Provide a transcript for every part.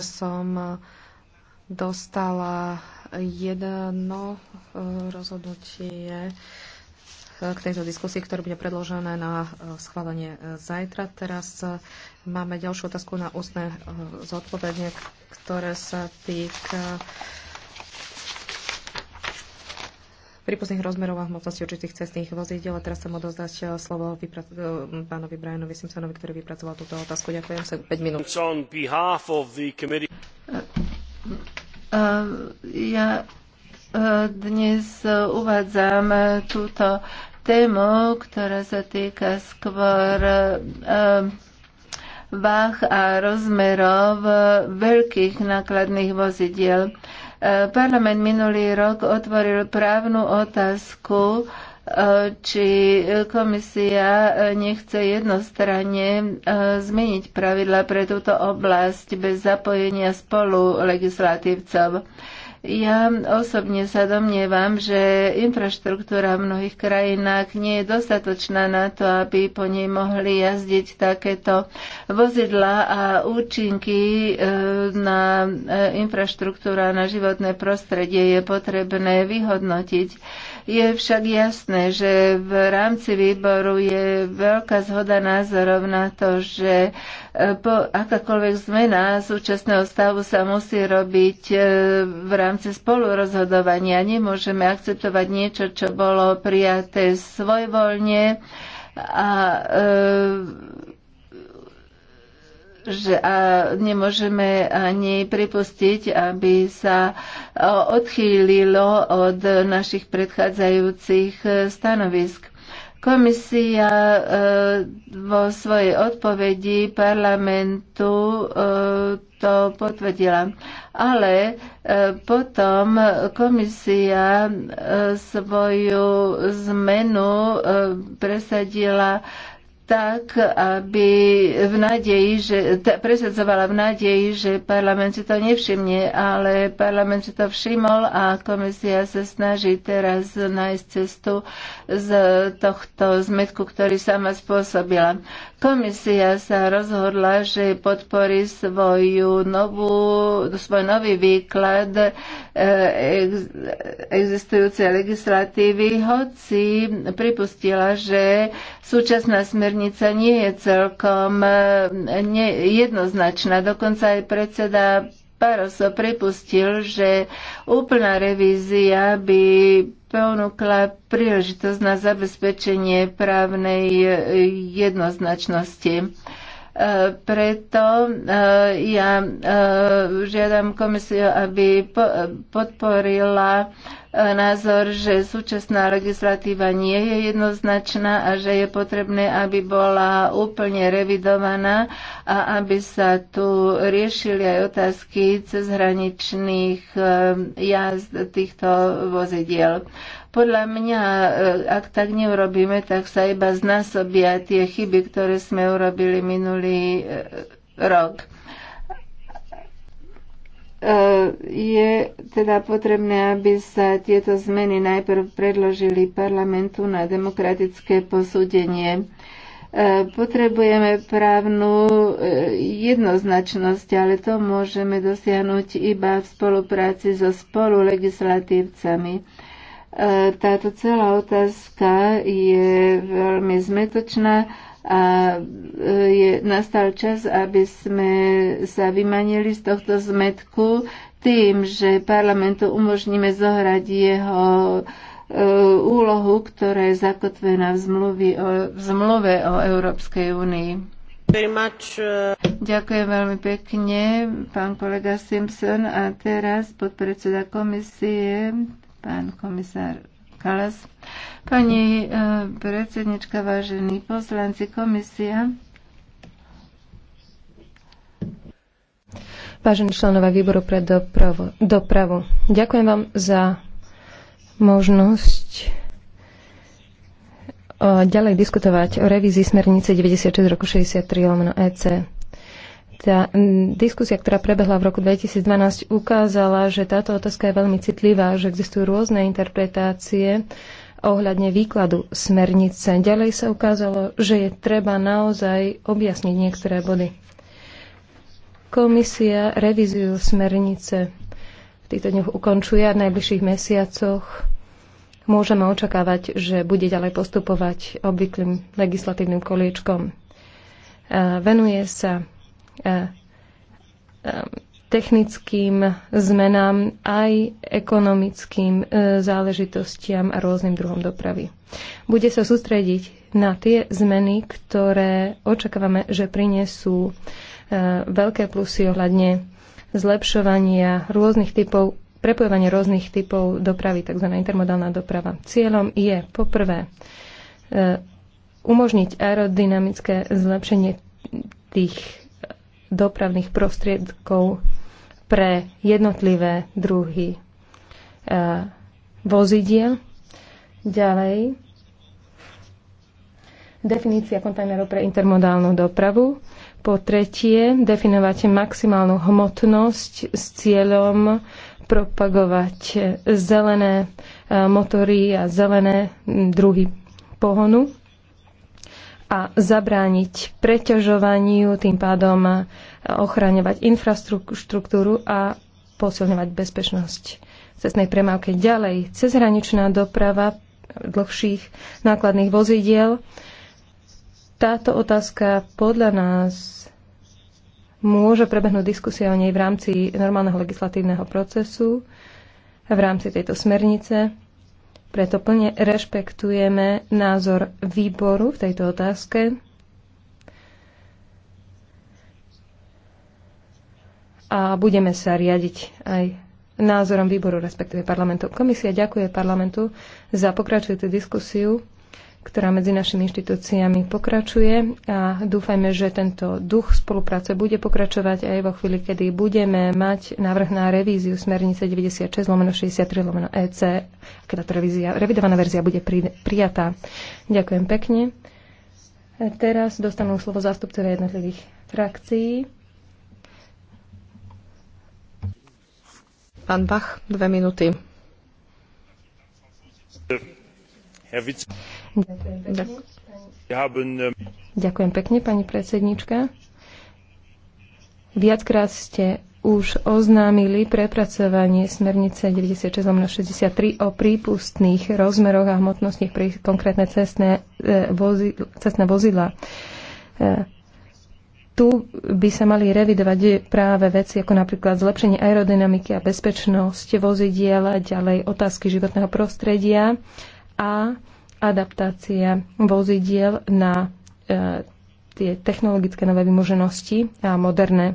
som dostala jedno e, rozhodnutie e, k tejto diskusii, ktoré bude predložené na e, schválenie zajtra. Teraz máme ďalšiu otázku na ústne zodpovedne, ktoré sa týka pri pozných rozmerov a hmotnosti určitých cestných vozidiel. A teraz sa môžem dať slovo vypra- eh, pánovi Brianovi Simpsonovi, ktorý vypracoval túto otázku. Ďakujem sa 5 minút. Eh, eh, ja dnes uvádzam túto tému, ktorá sa týka skôr váh a rozmerov veľkých nákladných vozidiel. Parlament minulý rok otvoril právnu otázku, e, či komisia e, nechce jednostranne e, zmeniť pravidla pre túto oblasť bez zapojenia spolu legislatívcov. Ja osobne sa domnievam, že infraštruktúra v mnohých krajinách nie je dostatočná na to, aby po nej mohli jazdiť takéto vozidla a účinky e, na e, infraštruktúra na životné prostredie je potrebné vyhodnotiť. Je však jasné, že v rámci výboru je veľká zhoda názorov na to, že po akákoľvek zmena súčasného stavu sa musí robiť e, v rámci spolurozhodovania. Nemôžeme akceptovať niečo, čo bolo prijaté svojvoľne a e, že a nemôžeme ani pripustiť, aby sa odchýlilo od našich predchádzajúcich stanovisk. Komisia e, vo svojej odpovedi parlamentu e, to potvrdila. Ale e, potom komisia svoju zmenu presadila tak, aby v nádeji, že, t- presadzovala v nádeji, že parlament si to nevšimne, ale parlament si to všimol a komisia sa snaží teraz nájsť cestu z tohto zmetku, ktorý sama spôsobila. Komisia sa rozhodla, že podporí svoju novú, svoj nový výklad e, existujúcej legislatívy, hoci pripustila, že súčasná smernica nie je celkom e, jednoznačná. Dokonca aj predseda Paros pripustil, že úplná revízia by ponúkla príležitosť na zabezpečenie právnej jednoznačnosti. Preto eh, ja eh, žiadam komisiu, aby podporila eh, názor, že súčasná legislatíva nie je jednoznačná a že je potrebné, aby bola úplne revidovaná a aby sa tu riešili aj otázky cezhraničných jazd týchto vozidiel. Podľa mňa, e, ak tak neurobíme, tak sa iba znásobia tie chyby, ktoré sme urobili minulý e, rok e, je teda potrebné, aby sa tieto zmeny najprv predložili parlamentu na demokratické posúdenie. Potrebujeme právnu jednoznačnosť, ale to môžeme dosiahnuť iba v spolupráci so spolulegislatívcami. E, táto celá otázka je veľmi zmetočná a e, je, nastal čas, aby sme sa vymanili z tohto zmetku tým, že parlamentu umožníme zohrať jeho e, úlohu, ktorá je zakotvená v, zmluvy o, v zmluve o Európskej únii. Ďakujem veľmi pekne, pán kolega Simpson. A teraz podpredseda komisie, pán komisár Kalas. Pani e, predsednička, vážení poslanci, komisia. Vážení členovia výboru pre dopravu, dopravu, ďakujem vám za možnosť e, ďalej diskutovať o revízii smernice 96 roku 63 EC tá diskusia, ktorá prebehla v roku 2012, ukázala, že táto otázka je veľmi citlivá, že existujú rôzne interpretácie ohľadne výkladu smernice. Ďalej sa ukázalo, že je treba naozaj objasniť niektoré body. Komisia revíziu smernice v týchto dňoch ukončuje a v najbližších mesiacoch môžeme očakávať, že bude ďalej postupovať obvyklým legislatívnym koliečkom. Venuje sa E, e, technickým zmenám, aj ekonomickým e, záležitostiam a rôznym druhom dopravy. Bude sa sústrediť na tie zmeny, ktoré očakávame, že prinesú veľké plusy ohľadne zlepšovania rôznych typov prepojovania rôznych typov dopravy, tzv. intermodálna doprava. Cieľom je poprvé umožniť aerodynamické zlepšenie tých dopravných prostriedkov pre jednotlivé druhy e, vozidiel. Ďalej, definícia kontajnerov pre intermodálnu dopravu. Po tretie, definovať maximálnu hmotnosť s cieľom propagovať zelené e, motory a zelené druhy pohonu a zabrániť preťažovaniu, tým pádom ochraňovať infraštruktúru a posilňovať bezpečnosť cestnej premávke. Ďalej, cezhraničná doprava dlhších nákladných vozidiel. Táto otázka podľa nás môže prebehnúť diskusia o nej v rámci normálneho legislatívneho procesu, v rámci tejto smernice preto plne rešpektujeme názor výboru v tejto otázke. A budeme sa riadiť aj názorom výboru, respektíve parlamentu. Komisia ďakuje parlamentu za pokračujúcu diskusiu ktorá medzi našimi inštitúciami pokračuje a dúfajme, že tento duch spolupráce bude pokračovať aj vo chvíli, kedy budeme mať návrh na revíziu smernice 96 lomeno 63 lomeno EC, keď táto revízia, revidovaná verzia bude pri, prijatá. Ďakujem pekne. Teraz dostanú slovo zástupcovia jednotlivých frakcií. Pán Bach, dve minúty. Ähm, Ďakujem pekne, pani predsednička. Viackrát ste už oznámili prepracovanie smernice 96 63 o prípustných rozmeroch a hmotnostných pre konkrétne cestné, e, vozi, cestné vozidla. E, tu by sa mali revidovať práve veci ako napríklad zlepšenie aerodynamiky a bezpečnosť vozidiel, ďalej otázky životného prostredia a adaptácia vozidiel na e, tie technologické nové vymoženosti a moderné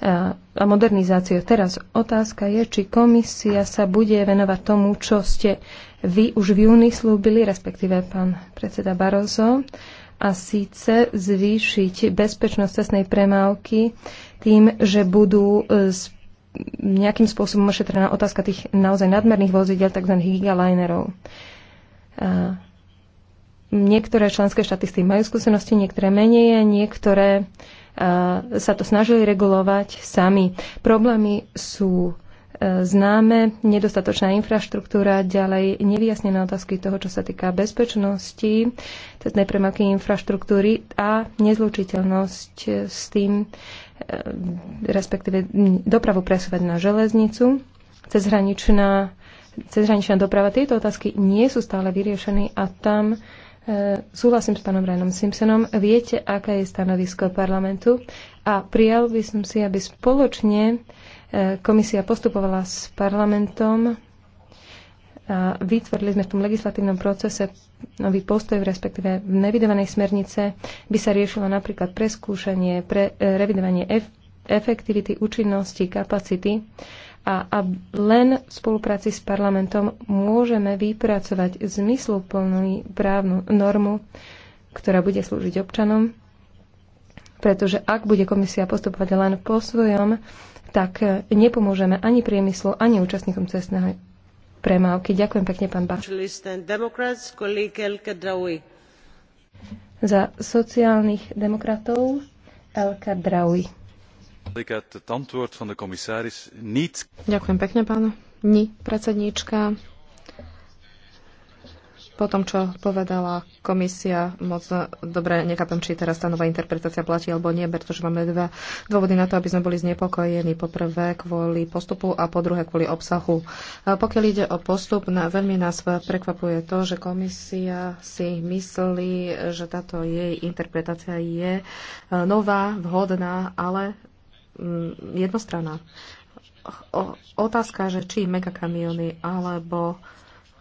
e, a, modernizáciu. Teraz otázka je, či komisia sa bude venovať tomu, čo ste vy už v júni slúbili, respektíve pán predseda Barozo, a síce zvýšiť bezpečnosť cestnej premávky tým, že budú z nejakým spôsobom ošetrená otázka tých naozaj nadmerných vozidel, tzv. gigalinerov. Niektoré členské štáty tým majú skúsenosti, niektoré menej, niektoré sa to snažili regulovať sami. Problémy sú e, známe, nedostatočná infraštruktúra, ďalej nevyjasnené otázky toho, čo sa týka bezpečnosti, cestnej premávky infraštruktúry a nezlučiteľnosť s tým, E, respektíve dopravu presúvať na železnicu, cezhraničná, cezhraničná doprava. Tieto otázky nie sú stále vyriešené a tam e, súhlasím s pánom Ryanom Simpsonom. Viete, aké je stanovisko parlamentu a prijal by som si, aby spoločne e, komisia postupovala s parlamentom a vytvorili sme v tom legislatívnom procese nový postoj, respektíve v nevidovanej smernice by sa riešilo napríklad preskúšanie, pre, e, revidovanie ef, efektivity, účinnosti, kapacity a, a len v spolupráci s parlamentom môžeme vypracovať zmysluplnú právnu normu, ktorá bude slúžiť občanom, pretože ak bude komisia postupovať len po svojom, tak nepomôžeme ani priemyslu, ani účastníkom cestného premávky. Ďakujem pekne, pán Bach. Za sociálnych demokratov Elka Draui. Ďakujem pekne, pán. Ni, predsedníčka. Po tom, čo povedala komisia, moc dobre nechápem, či teraz tá nová interpretácia platí alebo nie, pretože máme dva dôvody na to, aby sme boli znepokojení. Po prvé kvôli postupu a po druhé kvôli obsahu. Pokiaľ ide o postup, na, veľmi nás prekvapuje to, že komisia si myslí, že táto jej interpretácia je e, nová, vhodná, ale mm, jednostranná. O, otázka, že či megakamiony alebo uh,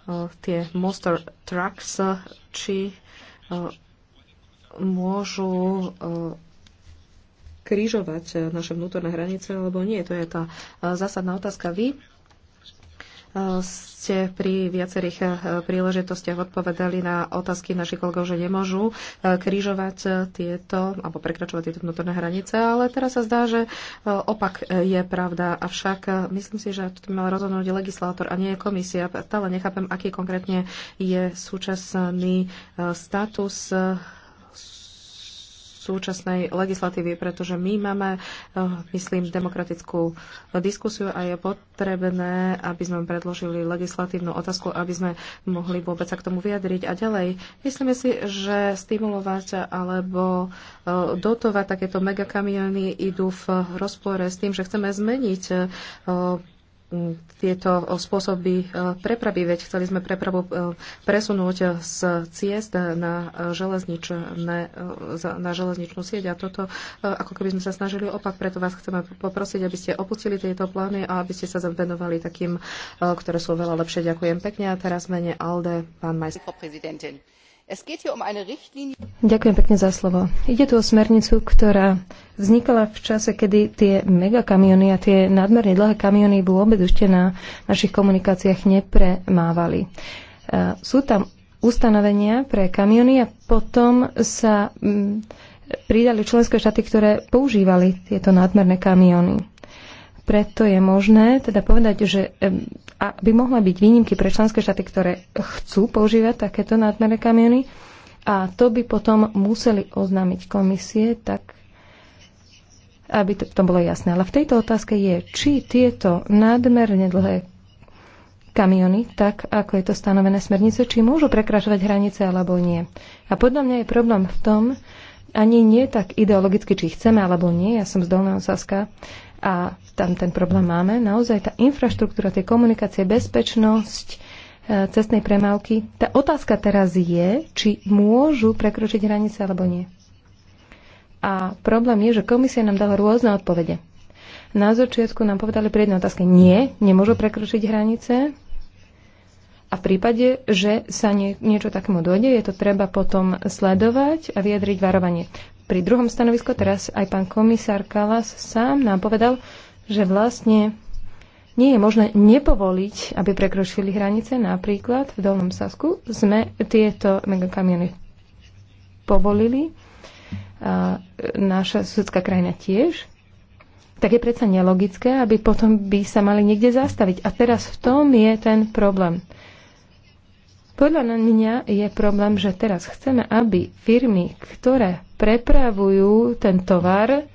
Eh, tie monster trucks, eh, či eh, môžu krížovať naše vnútorné hranice, alebo nie. To je tá zásadná otázka. Vy ste pri viacerých eh, príležitostiach odpovedali na otázky našich kolegov, že nemôžu eh, krížovať eh, tieto alebo prekračovať tieto vnútorné hranice, ale teraz sa zdá, že opak je pravda. Avšak myslím si, že to by mal rozhodnúť legislátor a nie komisia. Stále nechápem, aký konkrétne je súčasný status súčasnej legislatívy, pretože my máme, eh, myslím, demokratickú diskusiu a je potrebné, aby sme predložili legislatívnu otázku, aby sme mohli vôbec sa k tomu vyjadriť. A ďalej, myslíme si, že stimulovať alebo eh, dotovať takéto megakamiony idú v rozpore s tým, že chceme zmeniť eh, tieto spôsoby e, prepravy, veď chceli sme prepravu e, presunúť z ciest na, železničné, e, na železničnú sieť a toto, ako keby sme sa snažili opak, preto vás chceme poprosiť, aby ste opustili tieto plány a aby ste sa venovali takým, ktoré sú veľa lepšie. Ďakujem pekne a teraz mene Alde, pán majster. Um Ďakujem pekne za slovo. Ide tu o smernicu, ktorá vznikala v čase, kedy tie megakamiony a tie nadmerne dlhé kamiony vôbec ešte na našich komunikáciách nepremávali. E, sú tam ustanovenia pre kamiony a potom sa mm, pridali členské štáty, ktoré používali tieto nadmerné kamiony. Preto je možné teda povedať, že aby mohla byť výnimky pre členské štáty, ktoré chcú používať takéto nadmerné kamiony, a to by potom museli oznámiť komisie, tak aby to, to bolo jasné. Ale v tejto otázke je, či tieto nadmerne dlhé kamiony, tak ako je to stanovené smernice, či môžu prekračovať hranice alebo nie. A podľa mňa je problém v tom, ani nie tak ideologicky, či chceme alebo nie, ja som z Dolného Saska, a tam ten problém máme. Naozaj tá infraštruktúra, tie komunikácie, bezpečnosť e, cestnej premávky. Tá otázka teraz je, či môžu prekročiť hranice alebo nie. A problém je, že komisia nám dala rôzne odpovede. Na začiatku nám povedali pri jednej otázke, nie, nemôžu prekročiť hranice, a v prípade, že sa nie, niečo takému dojde, je to treba potom sledovať a vyjadriť varovanie pri druhom stanovisku, teraz aj pán komisár Kalas sám nám povedal, že vlastne nie je možné nepovoliť, aby prekročili hranice. Napríklad v Dolnom Sasku sme tieto megakamiony povolili. A e, naša susedská krajina tiež. Tak je predsa nelogické, aby potom by sa mali niekde zastaviť. A teraz v tom je ten problém. Podľa mňa je problém, že teraz chceme, aby firmy, ktoré prepravujú ten tovar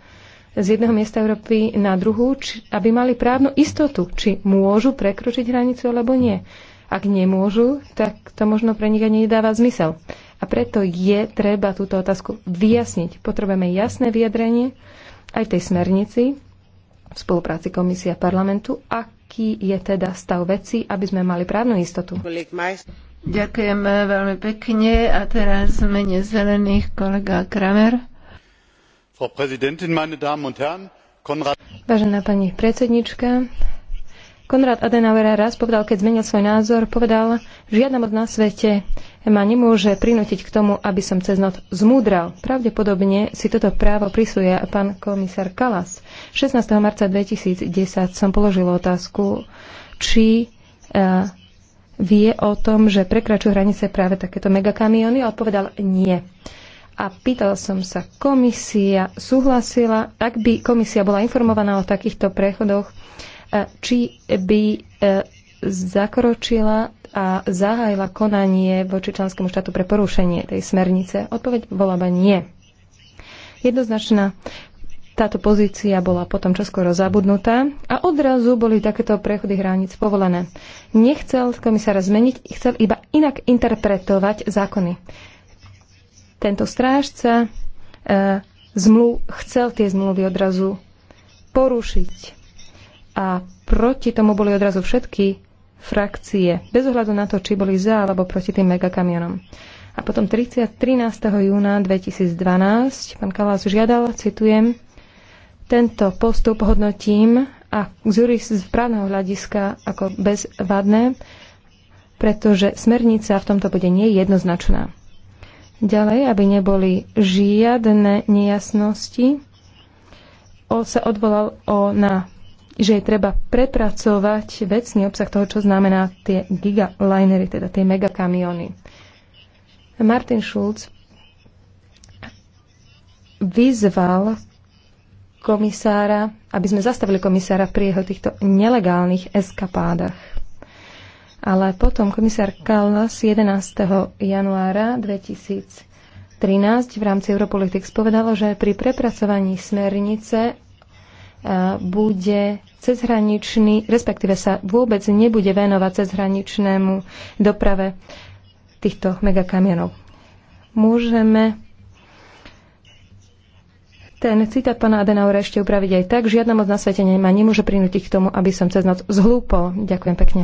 z jedného miesta Európy na druhú, či, aby mali právnu istotu, či môžu prekročiť hranicu alebo nie. Ak nemôžu, tak to možno pre nich ani nedáva zmysel. A preto je treba túto otázku vyjasniť. Potrebujeme jasné vyjadrenie aj v tej smernici, v spolupráci komisia parlamentu, aký je teda stav veci, aby sme mali právnu istotu. Ďakujem veľmi pekne a teraz mene zelených kolega Kramer. Frau Präsidentin, meine Damen und Herren, Konrad... Vážená pani predsednička, Konrad Adenauer raz povedal, keď zmenil svoj názor, povedal, žiadna moc na svete ma nemôže prinútiť k tomu, aby som cez noc zmúdral. Pravdepodobne si toto právo prisuje pán komisár Kalas. 16. marca 2010 som položil otázku, či uh, vie o tom, že prekračujú hranice práve takéto megakamiony? A odpovedal nie. A pýtala som sa, komisia súhlasila, ak by komisia bola informovaná o takýchto prechodoch, e, či by e, zakročila a zahájila konanie voči členskému štátu pre porušenie tej smernice? Odpoveď bola ba nie. Jednoznačná táto pozícia bola potom čoskoro zabudnutá a odrazu boli takéto prechody hraníc povolené. Nechcel komisára zmeniť, chcel iba inak interpretovať zákony. Tento strážca e, zmluv, chcel tie zmluvy odrazu porušiť. A proti tomu boli odrazu všetky frakcie, bez ohľadu na to, či boli za alebo proti tým megakamionom. A potom 30, 13. júna 2012 pán Kalás žiadal, citujem, tento postup hodnotím a z právneho hľadiska ako bezvadné, pretože smernica v tomto bode nie je jednoznačná. Ďalej, aby neboli žiadne nejasnosti, o, sa odvolal o na že je treba prepracovať vecný obsah toho, čo znamená tie gigalinery, teda tie megakamiony. Martin Schulz vyzval komisára, aby sme zastavili komisára pri jeho týchto nelegálnych eskapádach. Ale potom komisár Kallas 11. januára 2013 v rámci Europolitics povedalo, že pri prepracovaní smernice e, bude cezhraničný, respektíve sa vôbec nebude venovať cezhraničnému doprave týchto megakamionov. Môžeme ten citát pána Adenaura ešte upraviť aj tak. Žiadna moc na svete nemá, nemôže prinútiť k tomu, aby som cez noc zhlúpol. Ďakujem pekne.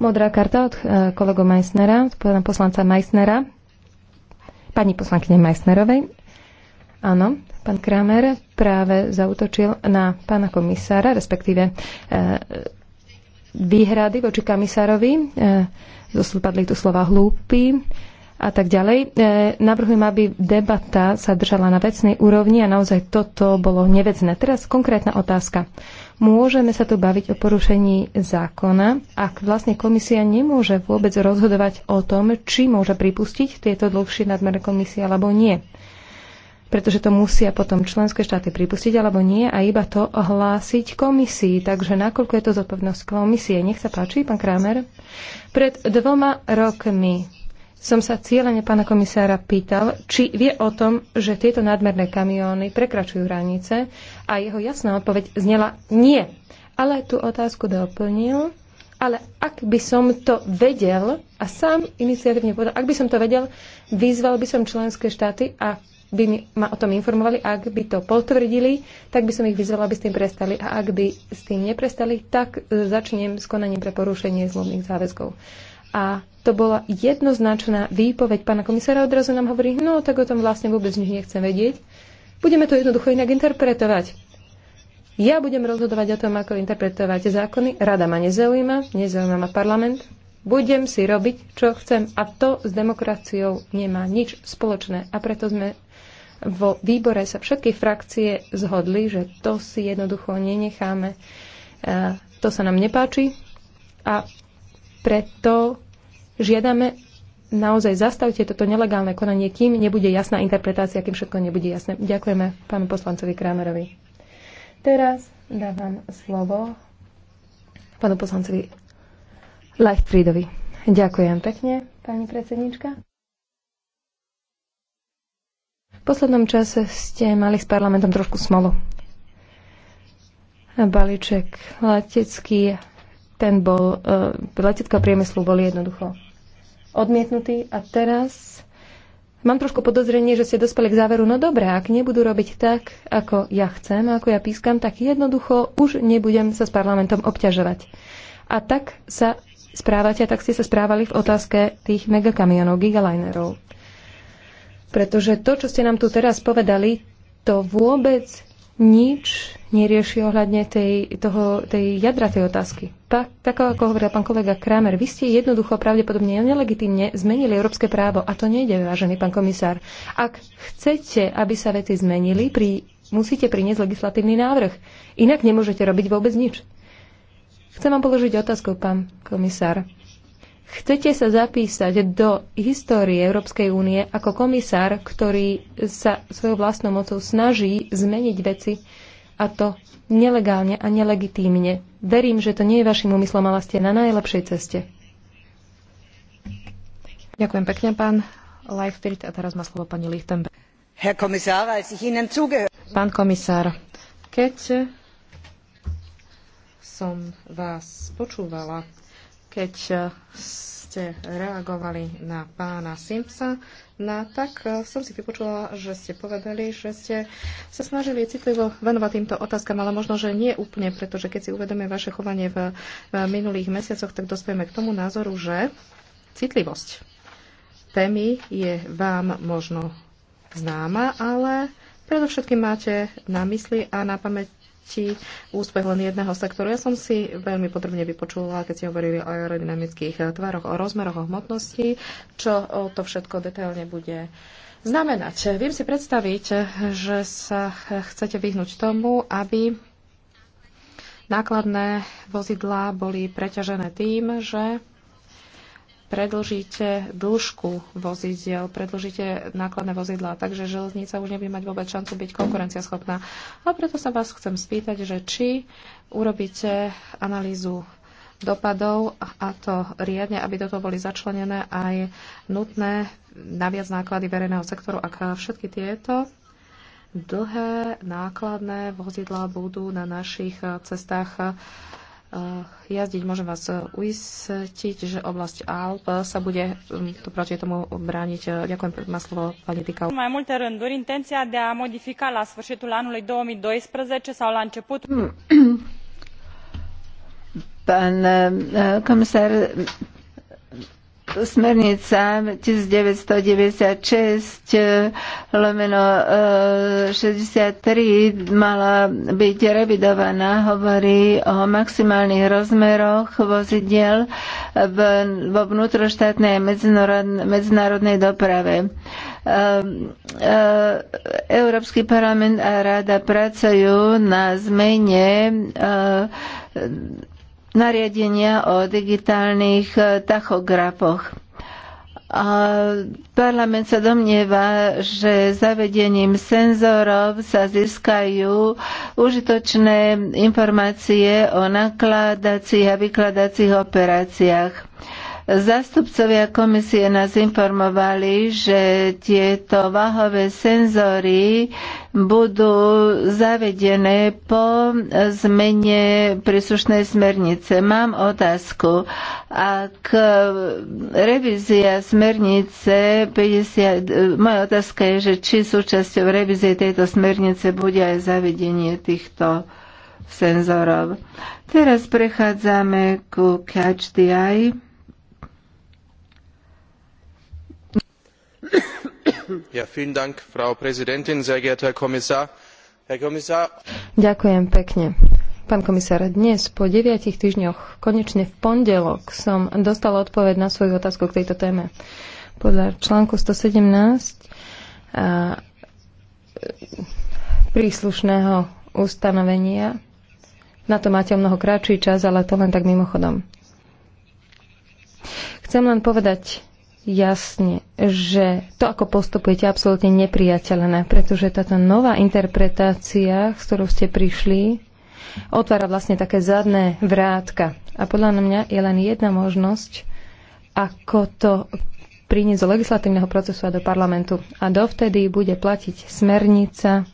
Modrá karta od eh, kolego Meissnera, od poslanca Meissnera. Pani poslankyne Meissnerovej. Áno, pán Kramer práve zautočil na pána komisára, respektíve eh, výhrady voči komisárovi. Eh, Zosúpadli tu slova hlúpy a tak ďalej. E, navrhujem, aby debata sa držala na vecnej úrovni a naozaj toto bolo nevecné. Teraz konkrétna otázka. Môžeme sa tu baviť o porušení zákona, ak vlastne komisia nemôže vôbec rozhodovať o tom, či môže pripustiť tieto dlhšie nadmerné komisie alebo nie. Pretože to musia potom členské štáty pripustiť alebo nie a iba to hlásiť komisii. Takže nakoľko je to zodpovednosť komisie? Nech sa páči, pán Kramer. Pred dvoma rokmi som sa cieľene pána komisára pýtal, či vie o tom, že tieto nadmerné kamióny prekračujú hranice a jeho jasná odpoveď znela nie. Ale tú otázku doplnil, ale ak by som to vedel a sám iniciatívne povedal, ak by som to vedel, vyzval by som členské štáty a by mi, ma o tom informovali, ak by to potvrdili, tak by som ich vyzvala, aby s tým prestali a ak by s tým neprestali, tak e, začnem s konaním pre porušenie zlomných záväzkov. A to bola jednoznačná výpoveď pána komisára. Odrazu nám hovorí, no tak o tom vlastne vôbec nič nechcem vedieť. Budeme to jednoducho inak interpretovať. Ja budem rozhodovať o tom, ako interpretovať zákony. Rada ma nezaujíma, nezaujíma ma parlament. Budem si robiť, čo chcem. A to s demokraciou nemá nič spoločné. A preto sme vo výbore sa všetky frakcie zhodli, že to si jednoducho nenecháme. E, to sa nám nepáči. A preto žiadame naozaj zastavte toto nelegálne konanie, kým nebude jasná interpretácia, kým všetko nebude jasné. Ďakujeme pánu poslancovi Kramerovi. Teraz dávam slovo pánu poslancovi Leichtfriedovi. Ďakujem pekne, pani predsednička. V poslednom čase ste mali s parlamentom trošku smolu. Balíček letecký ten bol, e, leteckého priemyslu bol jednoducho odmietnutý a teraz mám trošku podozrenie, že ste dospeli k záveru, no dobré, ak nebudú robiť tak, ako ja chcem, ako ja pískam, tak jednoducho už nebudem sa s parlamentom obťažovať. A tak sa správate, tak ste sa správali v otázke tých megakamionov, gigalinerov. Pretože to, čo ste nám tu teraz povedali, to vôbec nič nerieši ohľadne tej, toho, tej jadra tej otázky. Tak, tak ako hovoril pán kolega Kramer, vy ste jednoducho pravdepodobne nelegitímne zmenili európske právo a to nejde, vážený pán komisár. Ak chcete, aby sa veci zmenili, pri, musíte priniesť legislatívny návrh. Inak nemôžete robiť vôbec nič. Chcem vám položiť otázku, pán komisár. Chcete sa zapísať do histórie Európskej únie ako komisár, ktorý sa svojou vlastnou mocou snaží zmeniť veci a to nelegálne a nelegitímne. Verím, že to nie je vašim úmyslom, ale ste na najlepšej ceste. Ďakujem pekne, pán Leifert, A teraz má slovo pani Lichtenberg. Pán komisár, keď som vás počúvala, keď eh, ste reagovali na pána Simpsa, na, tak eh, som si vypočula, že ste povedali, že ste sa snažili citlivo venovať týmto otázkam, ale možno, že nie úplne, pretože keď si uvedeme vaše chovanie v, v minulých mesiacoch, tak dospieme k tomu názoru, že citlivosť témy je vám možno známa, ale predovšetkým máte na mysli a na pamäť platí úspech len jedného sektoru. Ja som si veľmi podrobne vypočula, keď ste hovorili o aerodynamických tvaroch, o rozmeroch, o hmotnosti, čo to všetko detailne bude znamenať. Viem si predstaviť, že sa chcete vyhnúť tomu, aby nákladné vozidlá boli preťažené tým, že predlžíte dĺžku vozidiel, predlžíte nákladné vozidlá, takže železnica už nebude mať vôbec šancu byť konkurenciaschopná. A preto sa vás chcem spýtať, že či urobíte analýzu dopadov a to riadne, aby do toho boli začlenené aj nutné naviac náklady verejného sektoru, ak všetky tieto dlhé nákladné vozidlá budú na našich cestách Eh, jazdiť. Môžem vás eh, uistiť, že oblasť Alp eh, sa bude mm, to proti tomu brániť. Ďakujem, má slovo pani Tikau. Mai multe rânduri, intenția de a modifica la sfârșitul anului 2012 sau la început... Hmm. Pán komisár, smernica 1996 eh, lomeno 63 eh, mala byť revidovaná, hovorí o maximálnych rozmeroch vozidiel vo vnútroštátnej a medzinárodnej doprave. Eh, Európsky parlament a rada pracujú na zmene nariadenia o digitálnych e, tachografoch. A parlament sa domnieva, že zavedením senzorov sa získajú užitočné informácie o nakladacích a vykladacích operáciách. Zastupcovia komisie nás informovali, že tieto váhové senzory budú zavedené po zmene príslušnej smernice. Mám otázku. Ak revízia smernice 50... Moja otázka je, že či súčasťou revízie tejto smernice bude aj zavedenie týchto senzorov. Teraz prechádzame ku Catch the Eye. frau präsidentin sehr geehrter herr kommissar! herr kommissar ďakujem pekne. Pán komisár, dnes po deviatich týždňoch, konečne v pondelok, som dostala odpoveď na svoju otázku k tejto téme. Podľa článku 117 a, príslušného ustanovenia, na to máte o mnoho kratší čas, ale to len tak mimochodom. Chcem len povedať jasne, že to, ako postupujete, je absolútne nepriateľné, pretože táto nová interpretácia, s ktorou ste prišli, otvára vlastne také zadné vrátka. A podľa mňa je len jedna možnosť, ako to priniesť do legislatívneho procesu a do parlamentu. A dovtedy bude platiť smernica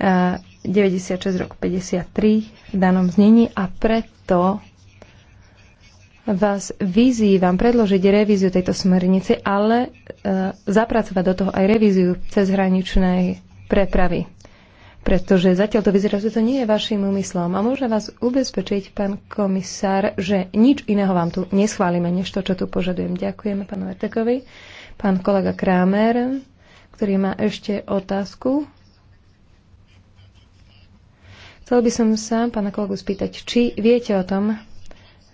eh, 96 rok 53 v danom znení a preto vás vyzývam predložiť revíziu tejto smernice, ale e, zapracovať do toho aj revíziu cezhraničnej prepravy. Pretože zatiaľ to vyzerá, že to nie je vašim úmyslom. A môžem vás ubezpečiť, pán komisár, že nič iného vám tu neschválime, než to, čo tu požadujem. Ďakujeme pánu Ertekovi. Pán kolega Krámer, ktorý má ešte otázku. Chcel by som sa pána kolegu spýtať, či viete o tom,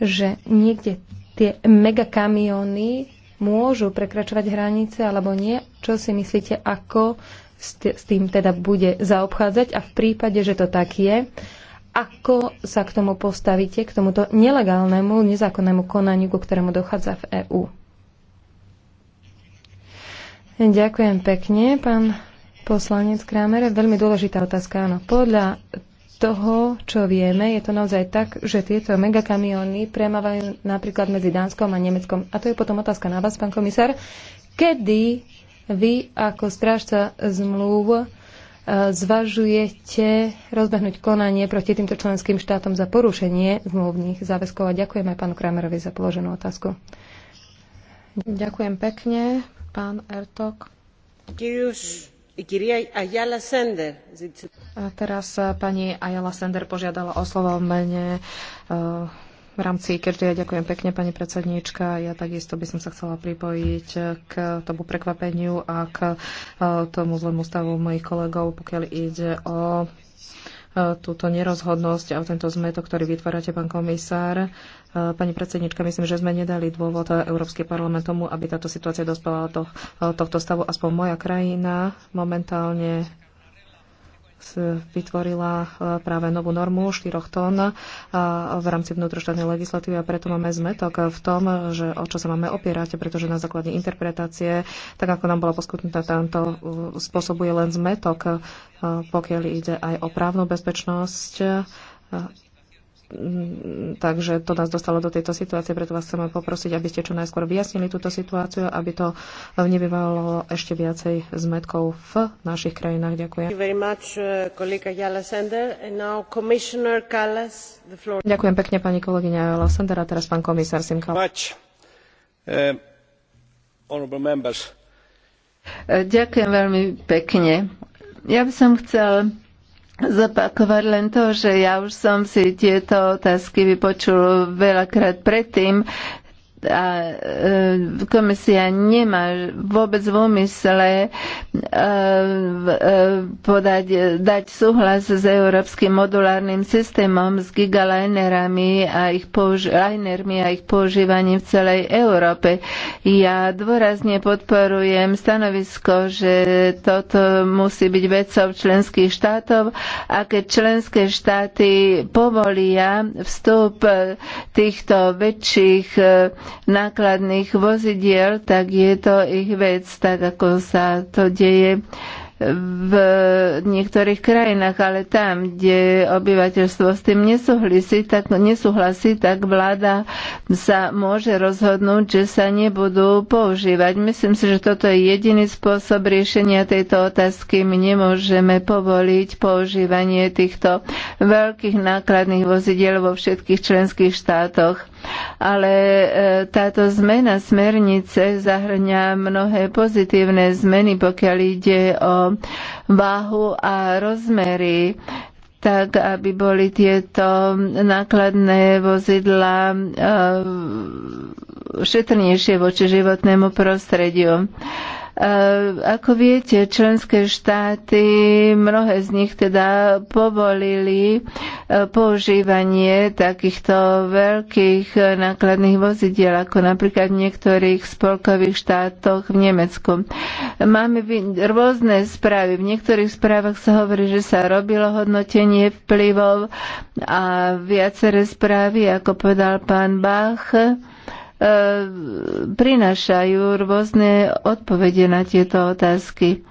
že niekde tie megakamióny môžu prekračovať hranice alebo nie. Čo si myslíte, ako s tým teda bude zaobchádzať a v prípade, že to tak je, ako sa k tomu postavíte, k tomuto nelegálnemu, nezákonnému konaniu, ku ktorému dochádza v EÚ? Ďakujem pekne, pán poslanec Kramer. Veľmi dôležitá otázka, áno. Podľa toho, čo vieme, je to naozaj tak, že tieto megakamióny premávajú napríklad medzi Dánskom a Nemeckom. A to je potom otázka na vás, pán komisár. Kedy vy ako strážca zmluv e, zvažujete rozbehnúť konanie proti týmto členským štátom za porušenie zmluvných záväzkov. A ďakujem aj pánu Kramerovi za položenú otázku. Ďakujem pekne, pán Ertok. A teraz pani Ayala Sender požiadala o slovo v mene v rámci keďže ja ďakujem pekne, pani predsedníčka. Ja takisto by som sa chcela pripojiť e, k tomu prekvapeniu a k e, tomu zlému stavu mojich kolegov, pokiaľ ide o túto nerozhodnosť a tento zmetok, ktorý vytvárate, pán komisár. E, pani predsednička, myslím, že sme nedali dôvod Európsky parlament tomu, aby táto situácia dospela do e, tohto stavu. Aspoň moja krajina momentálne vytvorila eh, práve novú normu 4 tón eh, v rámci vnútroštátnej legislatívy a preto máme zmetok v tom, že o čo sa máme opierať, pretože na základe interpretácie, tak ako nám bola poskytnutá tamto, eh, spôsobuje len zmetok, pokiaľ ide aj o právnu bezpečnosť Takže to nás dostalo do tejto situácie, preto vás chceme poprosiť, aby ste čo najskôr vyjasnili túto situáciu, aby to eh, nebývalo ešte viacej zmetkov v našich krajinách. Ďakujem. Eh, ďakujem pekne, pani kolegyňa Lasender a teraz pán komisár Simkal. Eh, ďakujem veľmi pekne. Ja by som chcel zopakovať len to, že ja už som si tieto otázky vypočul veľakrát predtým, a e, komisia nemá vôbec v úmysle e, e, podať, dať súhlas s európskym modulárnym systémom, s gigalinerami a ich, použ- a ich používaním v celej Európe. Ja dôrazne podporujem stanovisko, že toto musí byť vecou členských štátov a keď členské štáty povolia vstup týchto väčších nákladných vozidiel, tak je to ich vec, tak ako sa to deje v niektorých krajinách, ale tam, kde obyvateľstvo s tým nesúhlasí, tak, nesúhlasí, tak vláda sa môže rozhodnúť, že sa nebudú používať. Myslím si, že toto je jediný spôsob riešenia tejto otázky. My nemôžeme povoliť používanie týchto veľkých nákladných vozidiel vo všetkých členských štátoch. Ale e, táto zmena smernice zahrňa mnohé pozitívne zmeny, pokiaľ ide o váhu a rozmery tak aby boli tieto nákladné vozidla e, šetrnejšie voči životnému prostrediu. Eh, ako viete, členské štáty, mnohé z nich teda povolili eh, používanie takýchto veľkých eh, nákladných vozidiel, ako napríklad v niektorých spolkových štátoch v Nemecku. Máme rôzne správy. V niektorých správach sa hovorí, že sa robilo hodnotenie vplyvov a viaceré správy, ako povedal pán Bach, E, prinášajú rôzne odpovede na tieto otázky.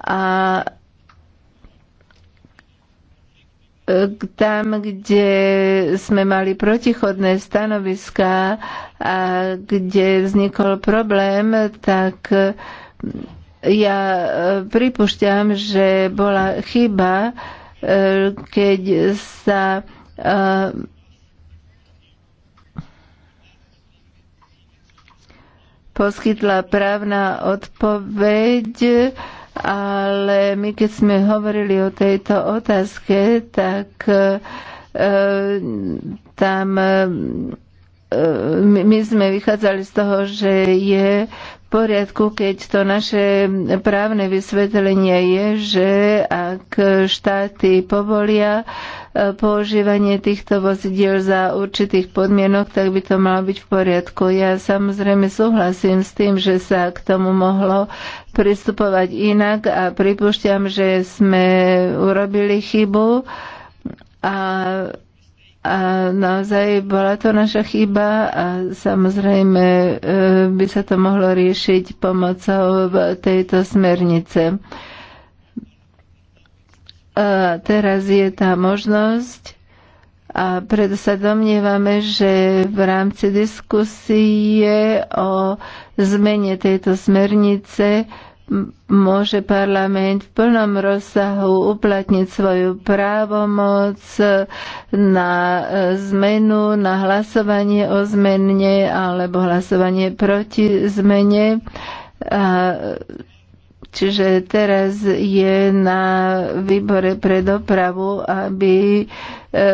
A e, tam, kde sme mali protichodné stanoviská a kde vznikol problém, tak e, ja pripúšťam, že bola chyba, keď sa poskytla právna odpoveď, ale my keď sme hovorili o tejto otázke, tak eh, tam my sme vychádzali z toho, že je v poriadku, keď to naše právne vysvetlenie je, že ak štáty povolia e, používanie týchto vozidiel za určitých podmienok, tak by to malo byť v poriadku. Ja samozrejme súhlasím s tým, že sa k tomu mohlo pristupovať inak a pripúšťam, že sme urobili chybu a a naozaj bola to naša chyba a samozrejme e, by sa to mohlo riešiť pomocou tejto smernice. A teraz je tá možnosť a preto sa domnievame, že v rámci diskusie o zmene tejto smernice môže parlament v plnom rozsahu uplatniť svoju právomoc na e, zmenu, na hlasovanie o zmene alebo hlasovanie proti zmene. A Čiže teraz je na výbore pre dopravu, aby e,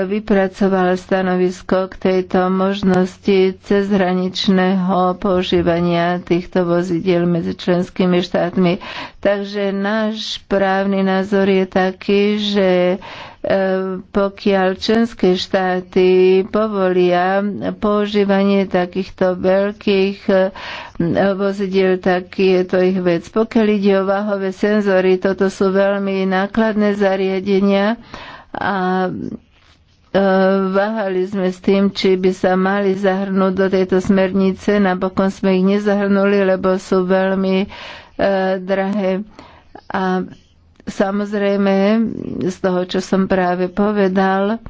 vypracoval stanovisko k tejto možnosti cezhraničného používania týchto vozidiel medzi členskými štátmi. Takže náš právny názor je taký, že E, pokiaľ členské štáty povolia používanie takýchto veľkých e, vozidiel, tak je to ich vec. Pokiaľ ide o váhové senzory, toto sú veľmi nákladné zariadenia a e, váhali sme s tým, či by sa mali zahrnúť do tejto smernice. Napokon sme ich nezahrnuli, lebo sú veľmi drahé. A Samozrejme, z toho, čo som práve povedal,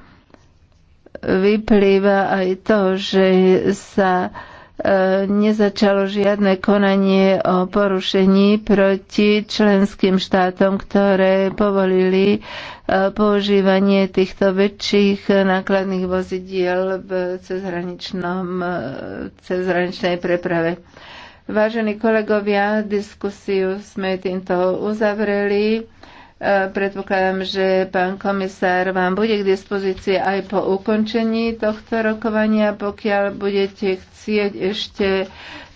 vyplýva aj to, že sa e, nezačalo žiadne konanie o porušení proti členským štátom, ktoré povolili e, používanie týchto väčších nákladných vozidiel v e, cezhraničnej preprave. Vážení kolegovia, diskusiu sme týmto uzavreli. E, predpokladám, že pán komisár vám bude k dispozícii aj po ukončení tohto rokovania, pokiaľ budete chcieť ešte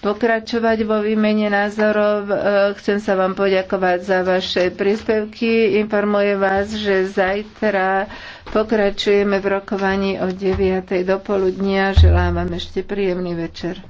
pokračovať vo výmene názorov. E, chcem sa vám poďakovať za vaše príspevky. Informujem vás, že zajtra pokračujeme v rokovaní o 9. do poludnia. Želám vám ešte príjemný večer.